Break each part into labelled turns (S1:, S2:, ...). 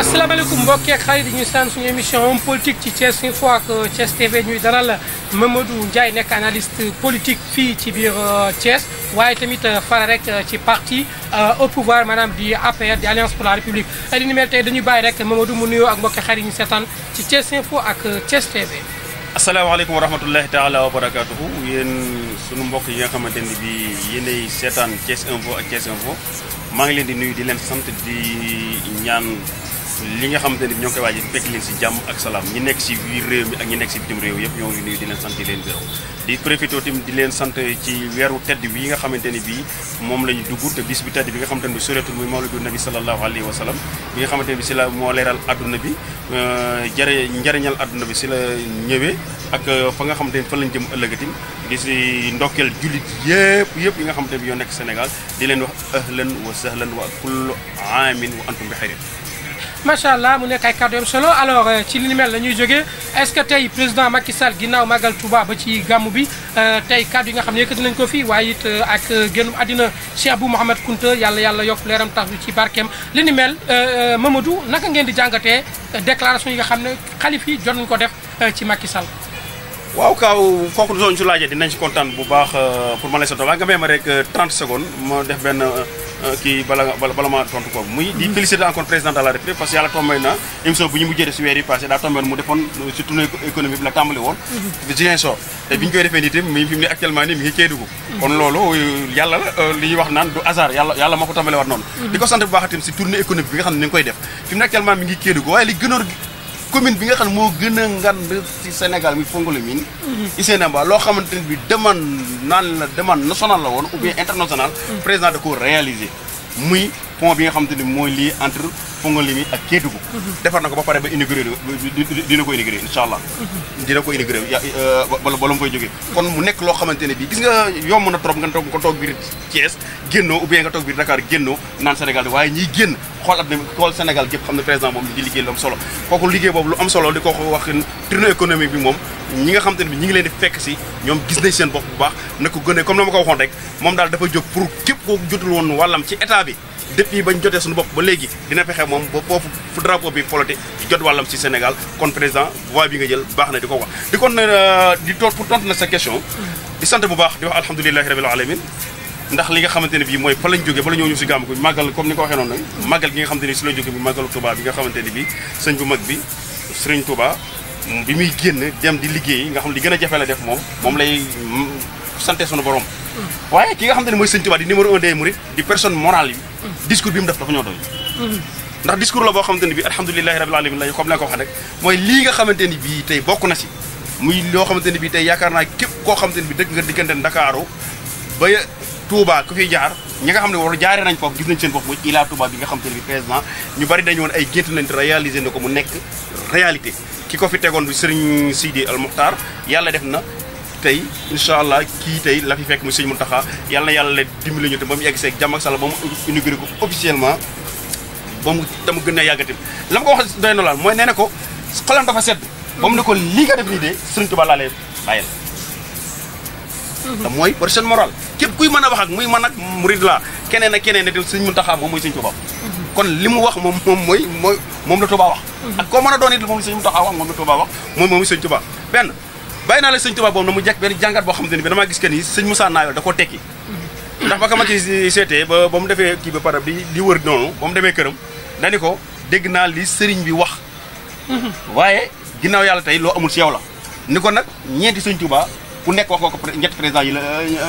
S1: asalaamaaleykum mbokk ak xarit ñu saan suñu émission homme politique ci Thiès une fois que Thiès TV ñuy dalal Mamadou Ndiaye nekk analyste politique fii ci biir euh, Thiès waaye tamit euh, fara rek euh, ci parti au pouvoir maanaam di APR di Alliance pour la République li ni mel tey dañuy bàyyi rek Mamadou mu nuyoo ak mbokk ak xarit ñu seetaan ci Thiès Info ak Thiès TV.
S2: asalaamaaleykum wa rahmatullahi taala wa barakaatuhu yéen sunu mbokk yi nga xamante ni bi yéenay seetaan Thiès Info ak Thiès maa ngi leen di nuyu di leen sant di ñaan. li nga xamanteni ni ñoo koy waji fekk leen si jamm ak salam ñi nekk si biir réew mi ak ñi nekk ci bitim réew yëpp ñoo ngi nuyu di leen sant di leen bëro di profito tim di leen sant ci wéru tedd bi nga xamanteni bi bii moom la dugg te bis bi tedd bi nga xamanteni suratul muy mawlidu nabi sallallahu alayhi wa sallam bi nga xamanteni bi si la moo leeral bi euh, jare njariñal aduna bi si la ak euh, fa nga xamanteni fa lañ jëm tim di si ndokkel julit yépp yépp yi nga xamanteni bi yoo nekk Sénégal di leen wax ahlan wa sahlan wa kullu aamin wa antum bi
S1: xayrin macha allah mu nekk ay kàddu yam solo alors euh, ci li mel la ñuy jógee est-ce que tey président Macky Sall ginnaaw màggal Touba ba ci gàmmu bi euh, tey kàddu yi nga xam ne yëkkati nañu ko fii waaye it euh, ak génn àddina Cheikh Bou Mouhamed Kounta yàlla yàlla yokk leeram tax ci barkeem li ni mel Mamadou naka ngeen di jàngatee déclaration yi nga xam ne xalif yi jot nañu ko def ci Macky Sall.
S2: waaw kaaw kooku sooñ su laajee dinañ si kontaan bu baax euh, pour ma lay sa toobaa nga may ma rek 30 euh, secondes ma def benn euh, kii bala ma tontu ko muy di féliciter encore président de la république parce que yàlla tombé na émission bu ñu mujjee def si weer yi passé daa tombé mu defoon si tournée économique bi la tàmbali woon
S1: mhm.
S2: Ziguinchor te bi ñu koy defee nii itam mi fi ne actuellement nii mi ngi Kédougou mhm. kon loolu yàlla li wax naan du hasard commune bi nga xam ne moo gën a ngand ci Sénégal mi Fongolimine mhm. Issainaba loo xamante ni bi demande naan la demande nationale la woon ou bien mhm. internationale mhm. président da ko réaliser muy pont bi nga xamante ni mooy lii entre Pongolimbi ak Kédougou. defar na ko ba pare ba inauguré dina ko dina ko inauguré bala bala mu fay jógee. kon mu nekk loo xamante ne bii gis nga yomb na trop nga toog nga toog biir Thiès génnoo ou bien nga toog biir Dakar génnoo naan Sénégal waaye ñiy génn xool at mi xool Sénégal gépp xam ne président moom di liggéey lu am solo kooku liggéey boobu lu am solo di ko wax tournée économique bi moom ñi nga xam ne bi ñi ngi leen di fekk si ñoom gis nañ seen bopp bu baax na ko gënee comme na ma depuis bañ joté suñu bopp ba légui dina fexé mom ba foofu fu drapeau bi folote jot walam ci Sénégal kon président voix bi nga jël baxna diko ko wax di kon euh, di tort pour tontu na sa question di sant bu baax di wax alhamdoulillah rabil alamin ndax li nga xamanteni bi moy fa lañ joggé ba ñoo ñu ci gam ko magal comme ni ko waxé non nak magal gi nga xamanteni ni la joggé bi magal Touba bi nga xamanteni bi bii sëñ bu mag bi sëriñ Touba bi muy génn dem di liggéey nga xam li gëna jafé la def mom mom lay mm, santé suñu borom waaye ki nga xam te ne mooy sëñ Tuubaa di numéro un des mourides di personne morale bi discours bi mu def dafa ñoo doy ndax discours la boo xamante ne bii alhamdulilahi rabil alamin la comme la ko waxee tey bokk na si muy loo xamante ni bii tey yaakaar naa képp koo xamante ni bii dëkk nga diggante Ndakaaru ba Touba ku fi jaar ñi nga xam ne war jaaree nañ foofu gis nañ seen bopp mooy Ila Touba bi nga xamante ne bii président ñu bari dañu na ko mu nekk réalité ki ko fi tegoon bi Serigne Sidi Al Mokhtar yàlla def na tey incha allah kii tey la fekk mu sëñ Mountakha yàlla na yàlla dimbali ñu te ba mu yegg seeg jàmm ak sala ba mu inauguré ko officiellement ba mu dama gën a yàggatim la ko wax doy na mooy nee na ko xolam dafa sedd ba mu ne ko lii nga def nii de sëriñ Tuubaa laa lay bàyyil te mooy personne képp kuy mën a wax ak muy mën ak murid laa keneen ak keneen ne del sëñ Mountakha moom mooy sëñ Tuubaa kon li mu wax moom moom mooy mooy moom la Tuubaa wax ak koo mën a doon it moom la sëñ Mountakha wax moom la Tuubaa wax moom mooy sëñ Tuubaa benn bàyyi naa la sëñ Tuubaa boobu na mu jekk benn jàngat boo xam te ne bi damaa gis que ni sëñ Moussa Naayol da tekki ndax ba ka ma ci seetee ba ba mu defee kii ba pare bi di wër noonu ba mu demee këram dani ko dégg naa li sëriñ bi wax waaye ginnaaw yàlla tey loo amul ci yow la ni ko nag ñeenti sëñ Tuubaa ku nekk wax ko ñetti président yi la ñett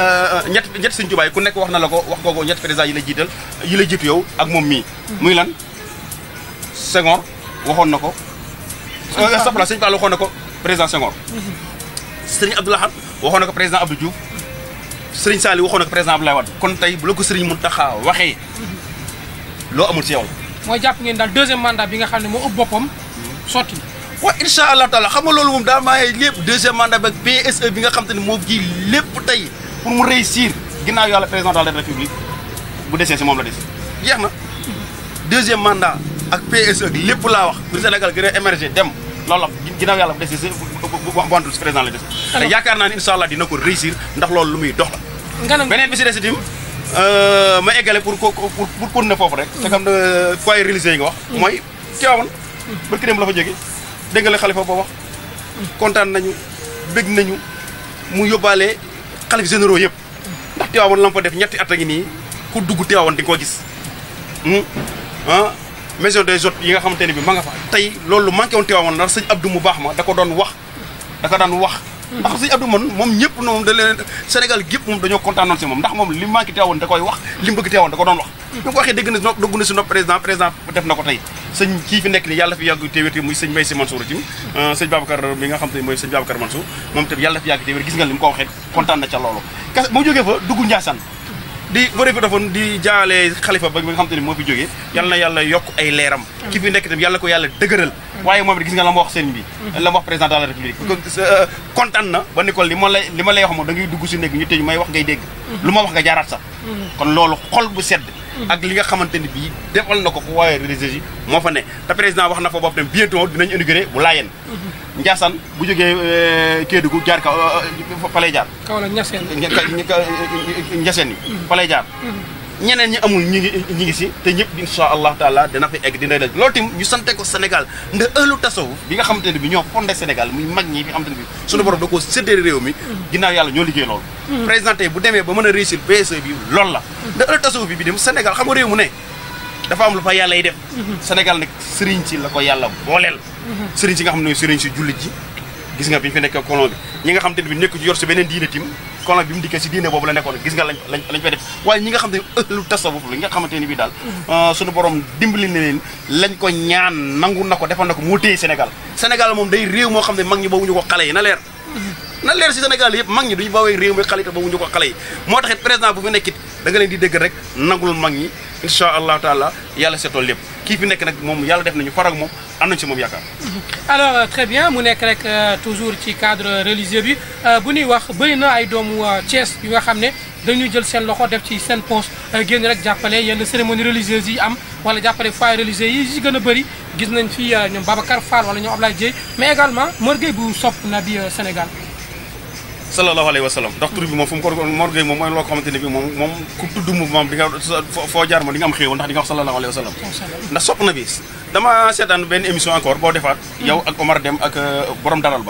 S2: euh, euh, ñetti sëñ Tuubaa ku nekk wax na la ko wax nga ko ñetti président yi la jiital yi la jiitu yow ak moom mii muy lan Senghor waxoon na ko sopla euh, sëñ Fall waxoon na ko président Senghor Serigne Abdou Hadj waxoon ko président Abdou Diouf Serigne Sali waxoon ko président Abdoulaye Wade kon tay bu lako Serigne Moutakha waxee lo amul ci yow
S1: moy japp ngeen dal deuxième mandat bi nga xam mo upp bopam soti wa inshallah allah taala xam nga loolu moom
S2: daa maay lepp deuxième mandat ba PSE bi nga xam mo gi lepp tay pour mu réussir ginnaaw yalla président de la république bu déssé ci mom la déss jeex deuxième mandat ak PSE lepp la wax pour Sénégal gëna émerger dem loolu la ginnaaw yàlla bu desee bu antul si ne incha allah dina ko loolu lu muy dox la beneen bi si des euh, ma eggale pour pour pour ne foofu rek te xam ne euh, foyer religieux yi nga wax mm. mooy Tiwaawan barki dem la fa jóge dégg nga la xalifa boo wax mm. kontaan nañu bég nañu mu yóbbaale xalif généraux yëpp ndax Tiwaawan la mu def ñetti at a ngi nii ku dugg Tiwaawan di nga ko gis hmm? ah? maison des autres yi nga xamanteni bi ma nga fa tay loolu manké won teewoon na seigne abdou mu bax ma da ko don wax da ko don wax ndax seigne abdou man mom ñepp non da leen sénégal gépp moom dañoo kontaanoon ci mom ndax mom li manké teewoon da koy wax li bëgg teewoon da ko don wax bi ko waxé dégg na no dëgg na suñu président président def nako tay seigne ki fi nek ni yalla fi yàgg téewér muy seigne Mbaye Sy Mansour euh seigne Babacar bi nga xamanteni moy seigne Babacar Mansour mom tam yalla fi yàgg téewér gis nga lim ko waxé kontaan na ca loolu mo joggé fa dugg ñassane di bëri téléphone di jaale xalifa ba nga xam te ne moo fi jógee yal na yàlla yokk ay leeram ki fi nekk itam yàlla ko yàlla dëgëral waaye moom it gis nga la ma wax sëñ bi la ma wax président de la république euh, kontaan na ba ko li ma la li ma lay wax moom da ngay dugg si néeg ñu tëj may wax ngay dégg lu ma wax nga jaaraat sax kon loolu xol bu sedd ak li nga xamante ni bii defal na ko fu waaye religieux yi moo fa ne te président wax na fa boobu tam bientôt dinañ inauguré bu laayeen Ndiassane bu jógee Kédougou jaar ka Palais jaar Kaolack Ndiassane Ndiassane yi Palais jaar ñeneen ñi amul ñi ngi ñi ngi si te ñëpp insha allah taala dana fi egg dina daj loolu tim ñu sante ko Sénégal nda ëllu tasawuf bi nga xamante ne bi ñoo fondé Sénégal muy mag ñi bi nga xamante ne bi suñu borom da koo séddale réew mi ginnaaw yàlla ñoo liggéey loolu hmm. président bu demee ba mën a réussir PSE bi loolu la hmm. nda ëllu tasawuf bi bi dem Sénégal xam nga réew mu ne dafa am lu fa yàlla yi def hmm. Sénégal nag sëriñ si la ko yàlla booleel sëriñ si nga xam ne sëriñ si ji gis nga bi ñu fi nekkee colon bi ñi nga xam te ne bi nekku ci yor si beneen diine tim colon bi mu dikkee si diine boobu la nekkoon gis nga lañ lañ lañ waaye ñi nga xam te ni bi daal euh, suñu borom dimbali na leen lañ ko ñaan nangu na ko defal na ko moo téye Sénégal Sénégal moom day réew moo xam ne mag ñi boobu ñu ko xale yi na leer na leer si Sénégal yëpp mag ñi duñu bawee réew mi xale yi te boobu ñu ko xale yi moo tax it président bu fi nekkit da leen di dégg rek nangul mag ñi incha allah taala yalla seetool lépp kii fi nek nak mom yalla def nañu farak mom am ci mom yakar
S1: alors euh, très bien mu nek rek euh, toujours ci cadre religieux bi euh, bu ñuy wax bëri ay doomu Thiès yi nga xam dañu jël sen loxo def ci sen poche genn rek jàppale yenn cérémonie religieuse yi am wala jàppale foi religieux yi yi gëna a gis nañ fi ñom Babacar Fall wala ñom Ablaye Dieye mais également Mor bu sop nabi Sénégal
S2: sallallahu alayhi wa sallam ndax wa sallam émission encore mhm. yow ak Omar Dem ak euh, borom ba na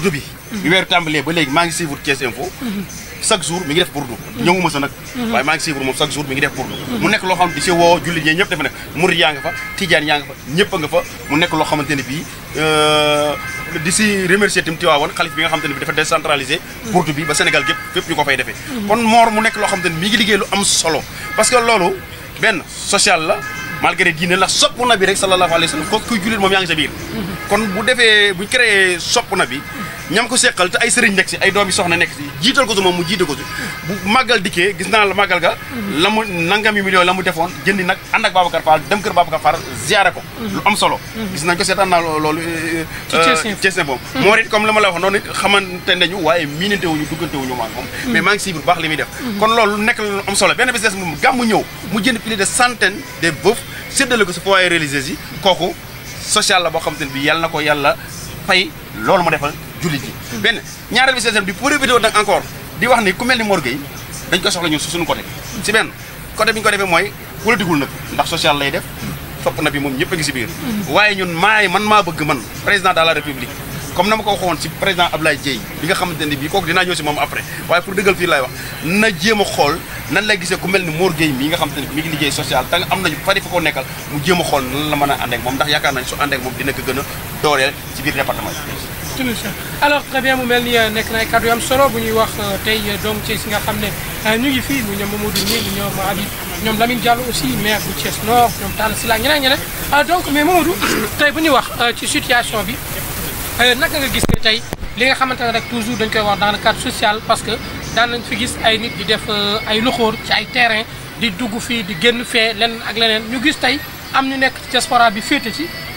S2: de Info mhm. chaque jour mi ngi def burdu ñëwuma sa nag waaye maa ngi suivre moom chaque jour mi ngi def burdu mu nekk loo xamante di si woo jullit ñee ñëpp ne fa tijaan a nga fa mu nekk loo xamante ne bii euh, di si remercier tamit Tiwaawan xalif bi nga xamante ne bi dafa décentralisé burdu bi ba Sénégal gépp ñu ko fay defee mm-hmm. kon moor mu nekk loo xamante ne mi ngi liggéey lu am solo parce que loolu benn social la malgré diine la sopp na bi rek sallallahu alayhi wa sallam ko kuy jullit moom
S1: mm-hmm.
S2: bu defee bu sopp na bi ñam ko seqal te ay sëriñ nekk si ay doomi soxna nekk si jiital ko si moom mu jiite ko si bu màggal dikkee gis naa la màggal ga la mu nangami million la mu defoon jëndi nag ànd ak Babacar Fall dem kër Babacar Fall ziare ko lu am solo gis nañ ko seetaan naa loolu Thiès boobu moo rit comme li ma la wax noonu it xamante nañu waaye miinante wuñu duggante wuñu maa ngi moom hmm. mais maa ngi si bu baax li muy def hmm. kon loolu nekk la lu am solo benn bis des moom gàmmu ñëw mu jënd plus de centaines de bœuf séddale ko si kooku social la boo xam ne bi yàlla na ko yàlla fay loolu mu defal julit yi benn ñaareel bi si di pour profité nag encore di wax ni ku melni ni Mor Gueye dañ ko soxla ñu si suñu côté ci ben côté biñ ñu ko defee mooy politigul nak ndax social lay def fop na bi mom ñepp ngi ci biir waye ñun may man ma bëgg man président de la république comme nama ko waxoon ci président Ablaye djey bi nga xamanteni bi bii dina ñëw ci mom après waye pour dëggal fi lay wax na jëma xol nan lay gisé ku melni ni Mor Gueye mii nga xamanteni mi ngi liggéey social tang am nañu fari fa ko nekkal mu jëma xol xool nan la mëna andé ànd ak moom ndax yaakaar nañ su andé ak moom dina ko gëna dorel ci biir département
S1: alors très bien mu mel euh, na ay am solo bu wax nous euh, euh, sommes nga nous sommes ñu ngi sommes mu nous Mamadou là, nous sommes Lamine Diallo aussi maire sommes là, Nord sommes là, nous sommes là, donc mais Mamadou nous bu là, wax ci situation bi sommes nga gis sommes là, li nga toujours dañ dans le cadre social parce que dans sommes fi gis ay nit di def ay loxoor ci ay terrains, di dugg di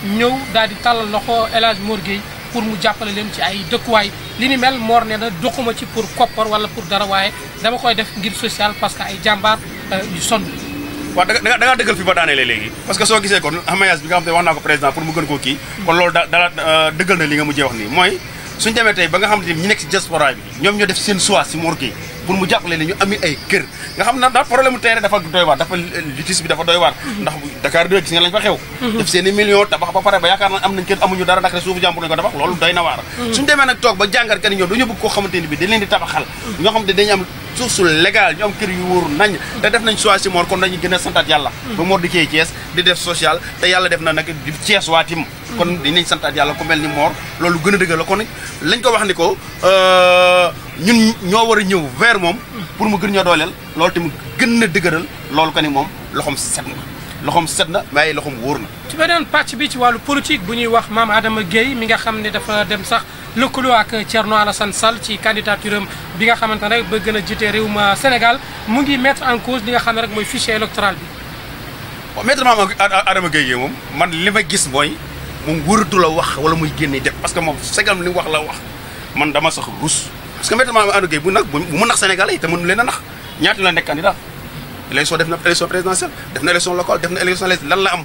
S1: nous nous pour mu jàppale leen ci ay dëkkuwaay li ni mel moor ne na doxuma ci pour koppar wala pour dara waaye dama koy def ngir social parce que ay jàmbaar son euh, sonn.
S2: waaw da nga da nga dëggal fi ba daanelee léegi parce que soo gisee kon amayas bi nga xam te wax naa ko président pour mu gën koo kii. kon loolu dala euh, dëggal na li nga mujjee wax nii mooy suñu demee tey ba nga xam te ni ñu nekk si diaspora bi ñoom ñoo def seen choix si morgue yi pour mu jappalé ni ñu ami ay kër nga xamna da problème terrain dafa doy war dafa litis bi dafa doy war ndax Dakar deux gis nga lañ fa xew def seen i million tabax ba paré ba yakar na am nañ kër amuñu dara dakare suufu jampu ñu ko tabax lolu doy na waar suñ demee nag toog ba jangar kan ñoo duñu bëgg ko xamanteni bi dañ leen di tabaxal ñoo xam dañ am source légal ñu am kër yu wóor nañ te def nañ choix ci mort kon dañu gëna santat yalla yàlla ba moor di cey ties di def social te yalla def na nak di ties waatim kon dinañ santat yalla ku melni mort lolu gëna gën la kon lañ ko wax ni ko euh ñun ño wara ñew vers pour mu gën ñoo dolel lol tim gën na digeural lol ko ni mom loxom setna loxom setna na loxom worna
S1: ci benen patch bi ci walu politique bu ñuy wax mam adama gey mi nga xam dafa dem sax lëkkaloo ak Thierno Alassane Sall ci candidature bi nga xamante rek bëgg na jiite réewum euh, Sénégal mu ngi mettre en cause li nga xam rek moy fichier électoral bi
S2: wa mettre mam adama gey mom man lima gis moy moom wëratu la wax wala muy génne def parce que mom segam li wax la wax man dama sax rus parce que maître Mamadou Gueye bu nag bu mu nax sénégalais yi te mënu leen a nax ñaata la nekk candidat élection def na élection présidentielle def na élection locale def na élection lan la am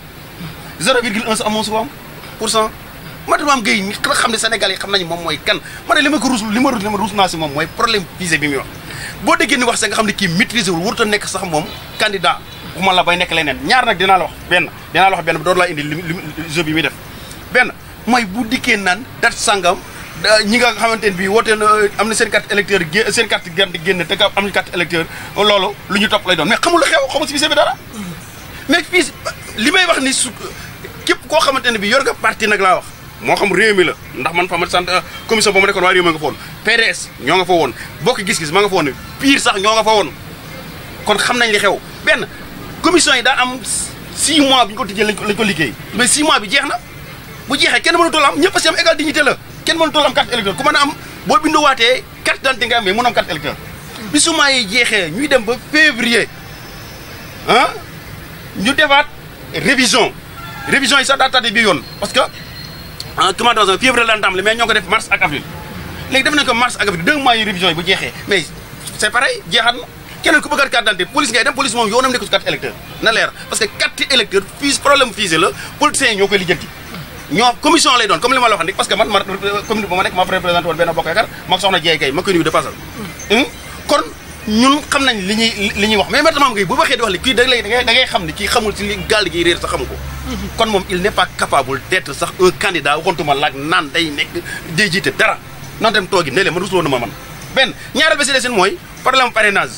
S2: 0,1 amoo su am pour cent maître Mamadou Gueye ñi nga xam ne sénégalais yi xam nañu kan ma lima li ma ko ruus li ma ruus li ma ruus naa si moom mooy problème visé bi muy wax boo déggee ni wax sa nga xam ne kii maîtriser wul warut a nekk sax moom candidat waxuma la bay nekk leneen ñaar nag dinaa la wax benn dinaa la wax benn door laa indi jeu bi muy def benn mooy bu dikkee naan date sangam ñi nga xamante ne bii woote am na seen carte électeur gé seen carte gerte génn te am na carte électeur loolu lu ñu topp lay doon mais xamul xew xamul si bi dara. mais fii li may wax ni su képp koo xamante ne bii yor nga parti nag laa wax. moo xam réew mi la ndax man fa ma sant commission ba ma nekkoon waa réew mi nga fa woon PDS fa woon bokk gis-gis ma nga fa woon pire sax ñoo nga fa woon kon xam nañ li xew benn commission yi daa am 6 mois bi ñu ko tijjee lañ ko liggéey mais 6 mois bi jeex na bu jeexee kenn mënatoo la am ñëpp a si am égal dignité la. kenn mënatul am carte électeur ku mën am bo boo waté carte d'identité nga am am carte électeur bisuma yi jéxé ñuy dem ba février hein ñu défat révision révision yi sax daa tardé bi yoon parce que en hein, comment dans un février la tàmbali mais ñoo ko def mars ak avril léegi def nañ ko mars ak avril deux mois yi révision yi bu jéxé mais c'est pareil jeexaat na keneen ku bëgg carte d'identité police ngay dem police mom yoonam nekkul carte électeur na leer parce que carte électeur fii problème fii la politiciens yi ñoo koy lijjanti ñoo commission lay doon comme li ma la waxoon rek parce que man man commune ba ma nekk maa fa représenté woon benn bokk yaakaar mag soxna Dieng Gueye ma koy nuyu de passage. Hmm? kon ñun xam nañ li ñuy li ñuy wax mais maître Mame Gueye bu waxee di wax li kii da ngay da ngay xam ne kii xamul si li gàll gi réer sax xamu ko. Hmm. kon moom il n'est pas capable d'être sax un candidat waxantuma laag naan day nekk day jiite dara nan dem toogi ne leen man rusloo na ma man. benn ñaareel ba si des mooy problème parrainage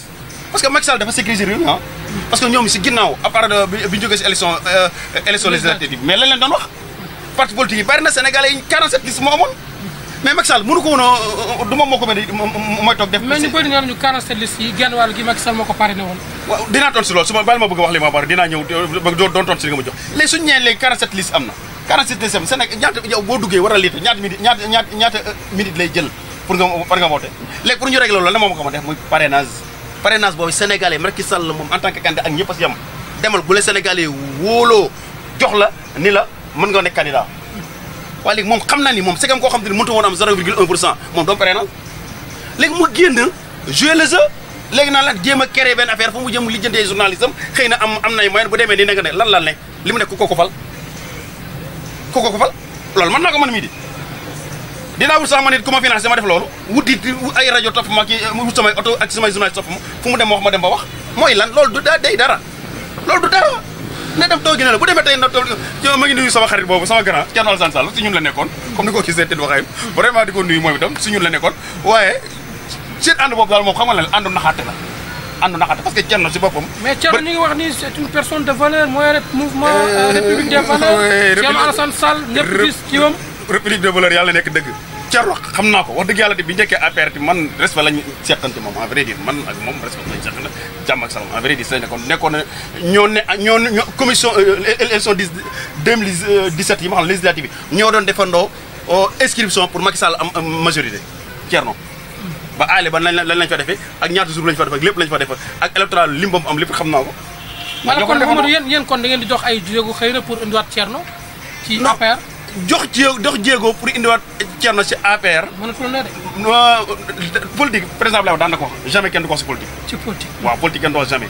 S2: parce que Macky Sall dafa sécuriser réew mi ah. parce que ñoom si ginnaaw à part bi ñu jógee si élection euh, élection législative mais lan leen doon wax. parti politique yi bari na Sénégalais yi 47 liste moo amoon mais Macky Sall mënu ko woon euh, du moom moo ko mel mooy toog def. mais ñu
S1: bëri nañu 47 liste yi genn wàll gi Macky Sall moo ko parrainé woon. waaw
S2: dinaa tontu si loolu su ma baal ma bëgg a wax li ma war dinaa ñëw doon tontu si li nga ma jox léegi suñu ñëwee léegi 47 liste am na 47 liste am Sénégal ñaata yow boo duggee war a liita ñaata minute ñaata ñaata euh, minute lay jël pour nga pour nga voté léegi pour ñu régler loolu la moom ko ma def muy parrainage parrainage boobu Sénégalais Macky Sall moom en tant que candidat ak ñëpp a si yem demal bu la Sénégalais wóoloo jox la ni la mën nga nekk candidat waaye léegi moom xam naa ni moom segam koo xam te ne mënut woon am 0,1 pour cent moom doomu pare na léegi mu génn jouer le jeu léegi naa la jéem a créer benn affaire fu mu jëm lijjantee journaliste am xëy na am am na moyen bu demee nii da nga ne lan lan ne li mu nekk ku ko ko fal ku ko ko fal loolu mën naa ko mën mii di dinaa wut sax ma nit ku ma financé ma def loolu wuti ay rajo topp ma ki wut samay oto ak samay journaliste topp ma fu mu dem wax ma dem ba wax mooy lan loolu du day dara loolu du dara na def doo gi ne bu demee tey do ma ngi nuyu sama xarit boobu sama grand Thierno Alassane Sall si ñun la nekkoon comme ni ko gisee tëdd waxee vraiment di ko nuyu moom itam si ñun la nekkoon waaye seen ànd boobu daal moom xam nga la àndu naxaate la àndu parce que Thierno si boppam
S1: mais Thierno ñu ngi wax ni c'est une personne de mooy mouvement euh, euh, république des
S2: valeurs Thierno nekk dëgg Thierno xam naa ko wax dëgg yàlla de bi njëkkee APR bi man respect lañu seqante moom en vrai dire man ak moom respect lañu seqante jàmm ak nekkoon nekkoon ne ñoo ne ñoo euh, euh, ñoo ñoo euh, defee ak ñaata jour lañ fa defee ak lépp fa defee ak électoral lim am lépp xam naa ko.
S1: ma kon Mamadou yéen yéen kon da di jox ay jéego xëy na pour indiwaat Thierno. ci APR jox jéego dox jéego pour
S2: indiwaat Thierno ci APR. mënatul na de. politique par exemple daan na ko wax kenn du ko si politique. ci politique waaw politique kenn du wax jamais.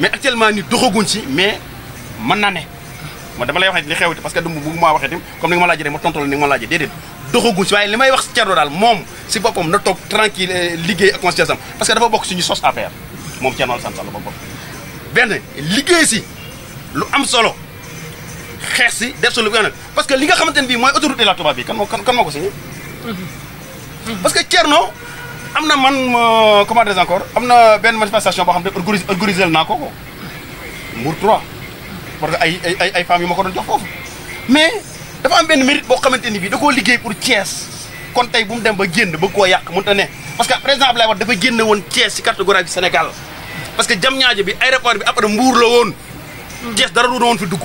S2: mais actuellement ni doxaguñ si mais mën naa ne man dama lay waxee li xewte parce que du bëgguma waxee tamit comme ni nga ma laajee rek ma tontu la ni nga ma laajee déedéet doxaguñ si waaye li may wax si Thierno daal moom si boppam na toog tranquille euh, liggéey ak conscience am parce que dafa bokk suñu moom Thierno Alassane la bokk benn liggéey si lu am solo xeex si def si lu parce que li nga xamanteni bi moy autoroute de la Touba bi kan moo kan, kan mako sey
S1: mhm.
S2: parce que tierno amna man comment dire encore amna ben manifestation bo xamne organiser organise ko mur 3 parce que ay ay ay femme yu mako don jox fofu mais dafa am ben mérite bo xamanteni bi dako da pour Thiès kon tay bu mu dem ba genn ba ko yak mu tane parce que président Abdoulaye Wade dafa génne woon Thiès si catégorie bi Sénégal parce que Diamniadio bi aéroport bi après Mbour la won mhm. Thiès dara du won fi dugg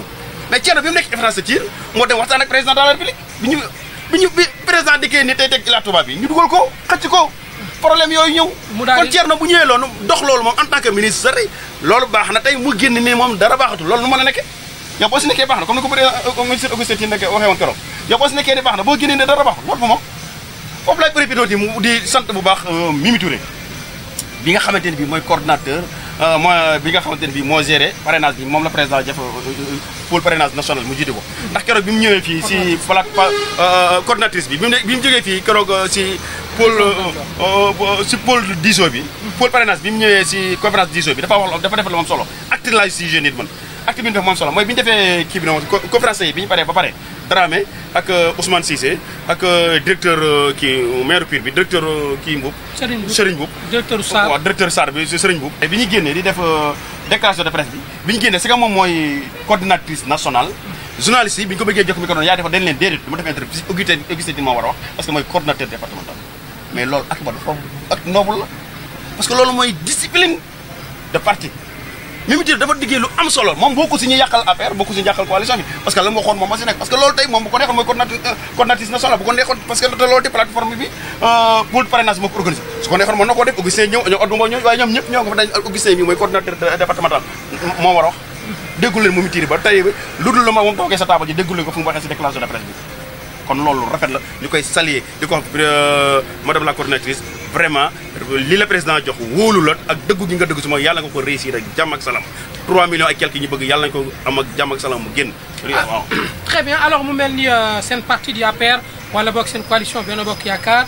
S2: mais Thierno bi mu nekk infrastructure moo dem waxtaan ak président de la république bi ñu bi président dikkee ni tey teg Ila Touba bi ñu dugal ko xëcc ko problème yooyu ñëw. mu daal kon Thierno bu ñëwee loolu dox loolu moom en tant que ministre loolu baax na tey mu génn moom dara baaxatul loolu nu mën a nekkee yow boo si nekkee baax na comme ni ko euh, ministre Augustin mu sant bu baax euh, Mimi Touré bi nga xamante ne bii mooy coordinateur euh, mooy bi nga xamante ne bii moo géré parrainage bi moom la président Jafa pôle parrainage national mu jiite ko ndax keroog bi mu ñëwee fii si plate euh, coordinatrice bi bi mu jógee fii keroog euh, si pôle euh, si pôle diisoo bi pôle parrainage bi mu ñëwee si conférence diisoo bi dafa wax dafa defal moom solo acte la si jeune man acte bi ñu def moom solo mooy bi ñu defee kii bi noonu conférence yi bi ñu paree ba pare Dramé ak euh, Ousmane Cissé ak euh, directeur euh, kii maire pur bi directeur kii Mboub. Serigne Mboub directeur Sarr waaw directeur Sarr bi Serigne Mboub. bi ñu génnee di def déclaration de presse bi bi ñu génnee si nga moom mooy coordinatrice nationale. journaliste yi bi ñu ko bëggee jox micro yaa defa dañ leen déedéet du ma def interview Augustin Augustin moo war a wax parce que mooy coordinateur départemental mais loolu ak ba dafa ak noble la parce que loolu mooy discipline de parti. Mimi jël dafa diggé lu am solo mom boo ko si ñu affaire boo ko si coalition bi parce que lam mu waxoon moom ma ci nek parce que loolu tay mom bu ko neexoon mooy na solo euh, bu ko neexoon parce que loolu tey plateforme bi euh pour parrainage mo organiser su ko neexoon mën nako def Augustin ñëw ñu addu mo ñoy way ñom ñep ñoko dañ Augustin bi moy coordinateur départemental mo wara wax déggul leen Mimi tiri ba tay lu lama la toké sa table ji déggul leen ko fu waxé ci déclaration de presse bi kon loolu rafet la ñukay koy saluer di euh, madame la coordinatrice vraiment li la président jox wóolu la ak dëggu gi nga dëgg su ma yàlla nga ko réussir ak jàmm ak salaam 3 millions ak quelques ñu bëgg yàlla nañu ko am ak jàmm ak salaam mu génn. Ah,
S1: très bien alors mu mel ni euh, seen parti di APR wala boog seen coalition Benno Bokk Yaakaar.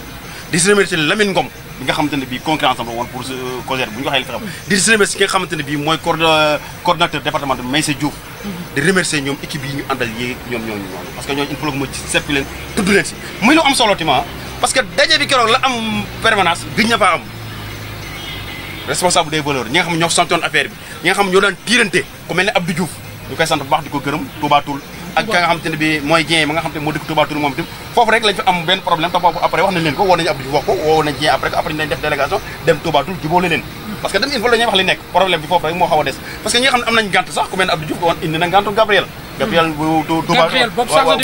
S2: di si remercier Lamine Ngom bi nga xamante ne bii concurrence am la woon pour euh, COJER bu ñu waxee li fi xam di si remercier ki nga xamante mooy coordonnateur département de Maïssa Diouf mm-hmm. di remercier ñoom équipe yi ñu àndal yéeg ñoom ñooñu ñoonu parce que ñooñu il faut solo tamit ah, parce que daje bi keroog la am permanence gëj na faa am responsable des valeurs ñi xam ñoo santoon affaire bi ñi xam ñoo daan tiirante ku mel ne Abdou Diouf ñu koy sant bu baax di ko gërëm Touba tour ak ka nga xamanteni bi moy gien ma nga xamanteni mo dik Touba tour mom tim fofu rek lañ fi am ben problème te foofu après wax nañ leen ko woo Abdou wax ko woo nañ après après dañ def délégation dem Touba Toul jubóole leen parce que dem il faut la wax li nekk problème bi fofu rek mo xawa dess des parce que ñi nga xam am nañ gànt sax ku mel Abdou Diouf won indi na gàntu Gabriel Gabriel bu Touba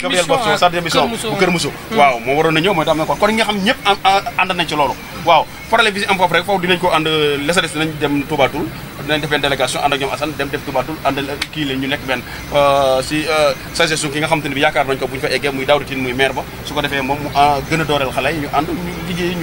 S2: Gabriel sa démission de démission bu Kër musso hmm. waaw mo waroon na ñew mo tam am na kon ñi nga xam ñëpp and nañ ci loolu waaw problème bi si am foofu rek foofu dinañ ko ànd lesades dinañ dem Toubatul dinañ def benn délégation ànd ñoom Assane dem def Toubatul ànd kii la ñu nekk benn euh, si euh, sagestion ah, a dooreel xale yi ñu ànd ñu liggéey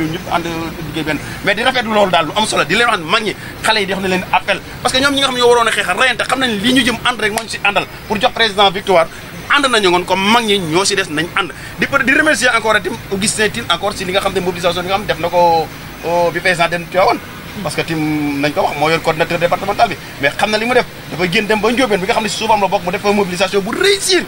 S2: di leen appel parce que ñoom ñi nga xam ñoo waroon a xeexal rayante xam nañ li ñu jëm ànd rek moo ñu si àndal pour jox président victoire and nañu ngon ko mag ñi ñoo ci dess nañ and di di remercier encore tim Augustin Tine encore ci li nga xam mobilisation nga xam def nako o oh, bi paysan den Tivaouane parce que tim nañ ko wax mo yor coordinateur départemental bi mais xam na li mu def dafa gën dem ba njóobeen bi nga xam ne si la bok mu def fa mobilisation bu réussir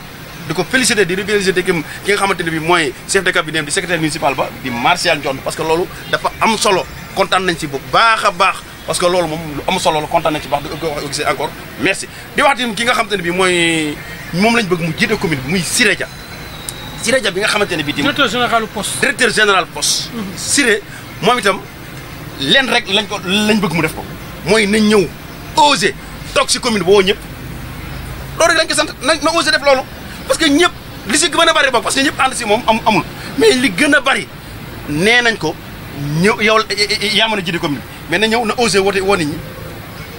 S2: di ko féliciter di féliciter kim ki nga xamanteni bi moy chef de cabinet di secrétaire municipal ba di Martial Ndion parce que lolu dafa am solo contane nañ ci bu baaxa baax parce que lolu mom lu am solo la contane nañ ci baax di ko wax encore merci di wax tim ki nga xamanteni bi moy moom lañ bëgg mu jiite commune bi muy Siré Dia Siré Dia bi nga xamante ne bii. directeur général poste. directeur général poste. Mhm. Siré moom itam lenn rek lañ ko lañ bëgg mu def ko. mooy nañ ñëw osé toog si commune boo ñëpp loolu rek lañ ko sant na na def loolu parce que ñëpp li si gën a bari bokk parce que ñëpp ànd si moom am amul mais li gën a bari nee nañ ko ñëw yow yaa mën a jiite commune bi mais na ñëw na osé woote woo nit ñi.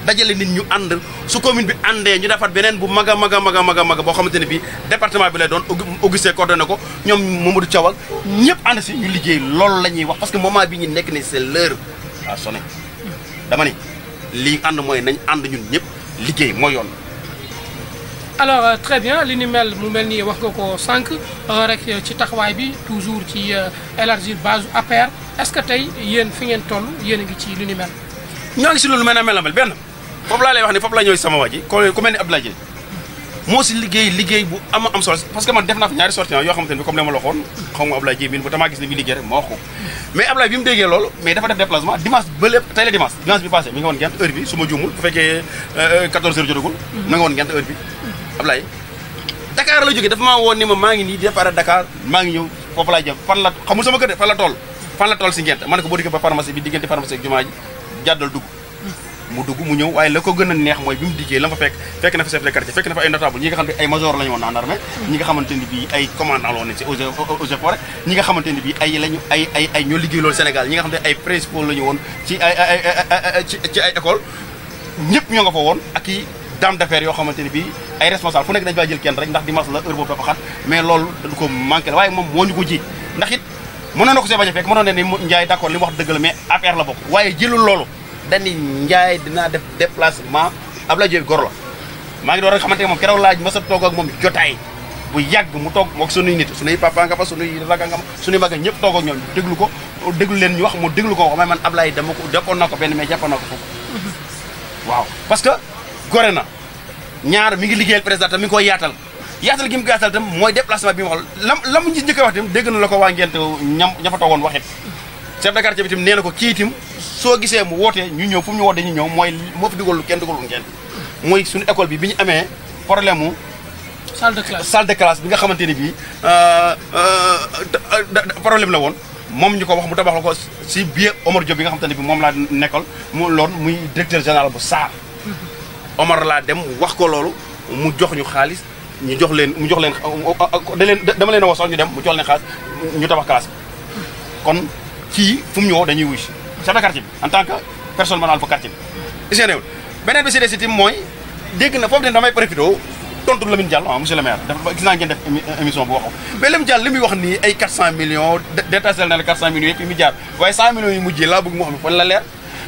S2: dajale nit ñu and su commune bi andé ñu defaat benen bu maga maga maga maga maga bo xamanteni bi département bi lay doon Augustin coordonné ko ñoom Mamadou Thiaw ñepp ñëpp ci ñu liggéey loolu lañuy wax parce que moment bi ñu nek ne c'est l'heure à sonner dama ni li and moy nañ and ñun ñepp liggéey moy yoon.
S1: alors euh, très bien li ni mel mu mel nii wax ko ko sànq euh, rek euh, ci taxawaay bi toujours ci élargir base APR est-ce que tay yeen fi ngeen toll yeen a ngi ci li ni mel.
S2: ñoo ngi si loolu mel na mel benn. foofu la lay wax ni foofu la ñoy sama waji ko ku melni ni Abdoulaye Dièye moo si liggéey liggéey bu am am solo parce que man def na fi ñaari sortie yo xamanteni comme lema ma la waxoon xaw ma Abdoulaye Dièye miin ba damaa gis ni bi liggéey rek ma wax mais Abdoulaye bi mu déggé lool mais dafa def déplacement dimanche ba lépp tey la dimanche dimanche bi passé mi nga won gent heure bi suma ma bu féké 14 h jotagul na nga won gent heure bi Abdoulaye Dakar la joggé dafa ma won ni ma ngi ni départ Dakar ma ngi ñew foofu la jëm fan la xamu sama kër de fan la toll fan la toll ci ngent man ko bo dikkee ba pharmacie bi digënté pharmacie ak jumaaji jaddal dugg mu dugg mu ñëw waaye la ko gën a neex mooy bi mu dikkee la nga fa fekk fekk na fa chef de quartier fekk na fa ay notable ñi nga xam ne ay major la ñu woon en armée ñi nga xam ne ay principaux la ñu woon ci ay ay ci ñoo nga fa woon ak i dame d'affaires yoo xamante ni bii ay responsable fu nekk dañu faa jël kenn rek ndax dimanche la heure boobu dafa mais loolu dañu ko manqué la waaye moom moo ñu ko ji ndax it mënoon na see bañ a fekk mënoon ne ni Ndiaye dani Ndiaye dinaa def déplacement Abdoulaye Diop gor la maa ngi door a xamante ne moom keroog laaj ma sa toog ak moom jotaay bu yàgg mu toog moo sunuy nit sunuy papa nga fa sunuy raga nga fa sunuy mag ñëpp toog ñoom déglu ko déglu leen ñu wax mu déglu ko may man Ablaye dama ko jokkoon na ko benn mais jàppoon na ko waaw parce que gore na ñaar mi ngi liggéeyal président tam mi ngi koy yaatal yaatal gi mu ko yaatal tam mooy déplacement bi mu wax la la mu njëkk a wax tam dégg na la ko waa ngent ñam ña fa toogoon waxit chef de quartier bi itam nee na ko kii itam soo gisee mu wootee ñu ñëw fu ñu wootee ñu ñëw mooy moo fi dugalul kenn dugalul kenn mooy suñu école bi bi ñu amee problème mu. salle de classe bi nga xamante ni bii euh, euh, problème la woon moom ñu ko wax mu tabax ko si biir Omar Diop bi nga xamante ne bii moom laa nekkol mu loon muy directeur général bu SAR. Omar laa dem wax ko loolu mu jox ñu xaalis ñu jox leen mu jox leen da leen dama leen a woo sax ñu dem mu jox leen xaalis ñu tabax classe kon. kii fu mu ñëw dañuy wuy si chef de bi en tant que personne morale fa quartier bi is newul beneen bi si des itam mooy dégg na foofu den damay profité tontu Lamine Diallo ah monsieur le maire li muy wax nii ay 400 millions détaché na la 400 millions yëpp yi mu jaar waaye 100 millions yi mujjee laa bëgg mu xam fan la leer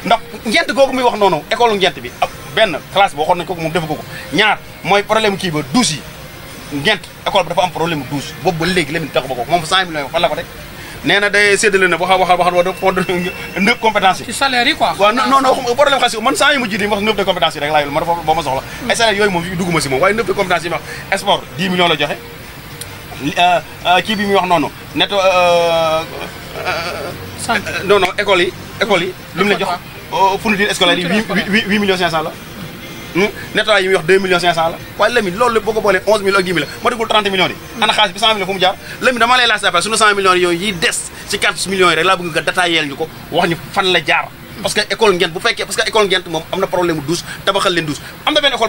S2: ndax ngent googu muy wax noonu école ngent bi ab benn classe boo xoon moom defu ko ko ñaar mooy problème kii ba douze yi ngent école bi dafa am problème douze nee na day séddale ne waxa waxa waxa waxa compétence
S1: yi. salaire yi quoi. waaw non non
S2: problème xas wax compétence yi rek laay man dafa ba ma soxla. Hmm. ay salaire yooyu moom dugguma si moom waaye neuf euh, euh, kii bi muy wax noonu net. sant euh, non non école yi école yi. lu mu la jox fourniture scolaire yi 8 8 8 millions 500 la. Hmm? nettoyage yi muy wax 2 millions 500 la waaye Lamine loolu lépp boo ko boolee 11 millions ak 10 millions ma déglu millions yi ana bi 100 millions fu mu jaar la jaar parce que école na problème mu douche tabaxal leen boo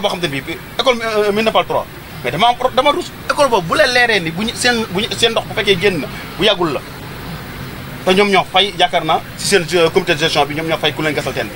S2: euh, bu la leeree ni bu seen seen ndox bu fekkee génn bu yàggul la te ñoom ñoo fay yaakaar naa si seen euh, comité de gestion bi ñoom ñoo fay ku leen gasal teen bi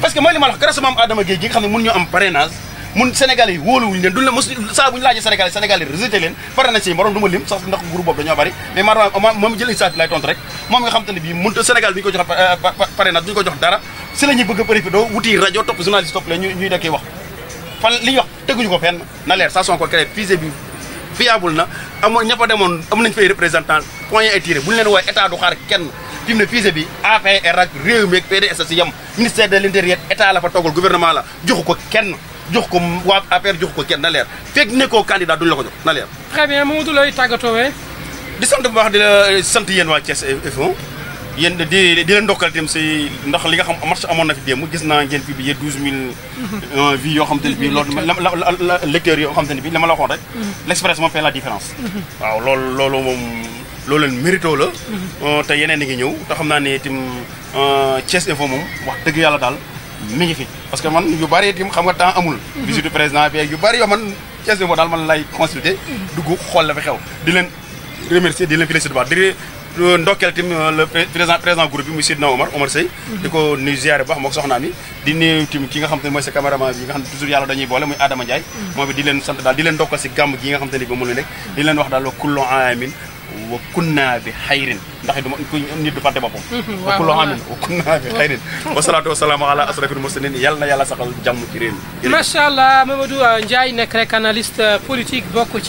S2: parce que mooy li ma la wax maam Adama Gueye gi xam ne mun ñu am parrainage mun sénégalais yi wóoluwuñu leen duñ la mos saa bu ñu laajee leen parrainage yi morom du ma lim sax ndax groupe boobu dañoo bari mais maanaam jël initiative tontu rek moom nga xam te bii mun sénégal bi ko jox parrainage bi jox dara si la ñuy bëgg a bëri doo wuti rajo topp journaliste topp la ñuy ñuy dekkee wax fan li ñu wax teguñu ko na leer ça son ko créé fusée viable na amoon ña fa demoon am nañ fay représentant point ay tiré bu ñu leen woowee état du xaar kenn fi mu ne fise bi APR e ak réew mi ak PDS si yem ministère de l' intérieur état la fa toggal gouvernement la joxu ko kenn jox ko waa APR e jox ko kenn na leer fekk nekkoo candidat duñu la ko na leer. très bien Mamadou lay tàggatoo di sant bu baax di la eh, sant yéen waa Thiès FM yéen di di leen ndokkal dem si ndax li nga xam match amoon na fi démb gis naa ngeen fi douze mille vues yoo xam te ne bii loolu la lecteurs yoo xam te ne bii li ma la waxoon rek mhm. moom fait la différence mhm. waaw loolu loolu moom loolu leen mérito mhm. euh, te yeneen a ngi ñëw te xam naa ne itam euh, Thiès Info moom wax dëgg yàlla daal mi ngi fi parce que man yu bari itam xam nga temps amul visite du président bi yu bari yoo man Thiès Info daal man lay consulter dugg xool la fi xew di leen remercier di leen féliciter bu baax Euh, ndokkeel tim euh, le président président groupe bi muy Sidna Omar Omar Sey mhm. di ko nuyu ziare baax mook di nuyu tim ki nga xam te ne mooy sa caméraman bi nga xam ne toujours yàlla dañuy boole muy Adama Ndiaye mhm. moom it di leen sant daal di leen ndokkal si gàmm gi nga xam te ne bi moom la nekk mhm. di leen wax daal wa kullu aamin wa kunna xayrin ndax duma nit du fàtte boppam wa kullu aamin wa kunna xayrin wasalaatu wasalaamu ala na yàlla saxal jàmm ci réew
S1: mi macha allah Mamadou Ndiaye nekk rek analyste politique bokk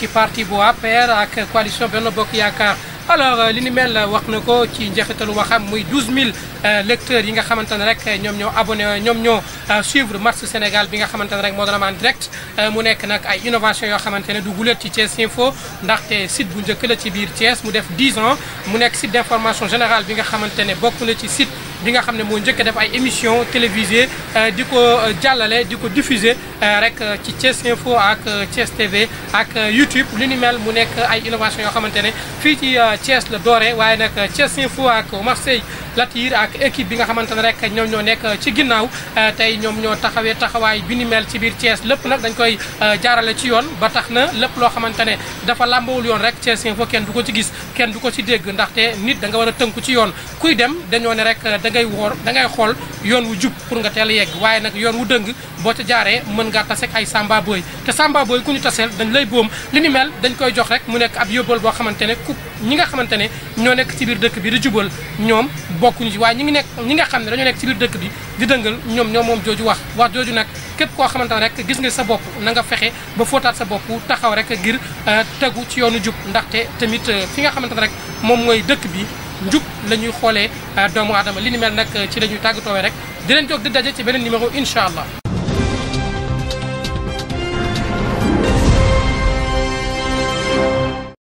S1: Yaakaar alors euh, li ni mel euh, wax na ko ci njeexitalu waxam muy 12000 euh, lecteurs yi nga xamante ne rek ñoom ñoo abonné ñoom ñoo suivre match Sénégal bi nga xamante ne rek moo doon am direct mu nekk nag ay innovation yoo xamante ne du guléet ci Thiès Info ndaxte site bu njëkk la ci biir Thiès mu def 10 ans mu nekk site d'information générale bi nga xamante ne bokk na ci site bi nga xam ne moo njëkk def ay émission télévisées euh, di ko euh, jàllale di ko diffuser euh, rek ci Thiès Info ak Thiès TV ak YouTube lu ni mel mu nekk ay innovation yoo xamante ne fii ci Thiès la doore waaye nag Thiès Info ak Marseille Latir ak équipe bi nga xamante ne rek ñoom ñoo nekk ci ginnaaw eh, tey ñoom ñoo taxawee taxawaay bi ni mel ci biir Thiès lépp nag dañ koy eh, jaarale ci yoon ba tax na lépp loo xamante ne dafa làmbawul yoon rek Thiès Info kenn du ko ci gis kenn du ko ci dégg ndaxte nit da nga war a tënku ci yoon kuy dem dañoo ne rek eh, da ngay woor da ngay xool yoon wu jub pour nga teel a yegg waaye nag yoon wu dëng boo ca jaaree mën ngaa tasek ay samba boy te samba ku ñu taseel dañ lay boom li dañ koy jox rek mu nekk ab yóbbal boo xamante ne ku ñi nga xamante ne ñoo nekk ci biir dëkk bi di jubal ñoom bokkuñu ji waaye ñi ngi nekk ñi nga xam ne dañoo nekk ci biir dëkk bi di dëngal ñoom ñoom moom jooju wax wax jooju nag képp koo xamante ne rek gis nga sa bopp nanga fexe ba fóotaat sa bopp taxaw rek ngir euh, tegu ci yoonu jub ndaxte tamit euh, fi nga xamante ne rek moom mooy dëkk bi njub la ñuy xoolee euh, doomu aadama li ni mel nag ci la ñuy tàggatoowee rek di leen jóg di daje ci beneen numéro incha allah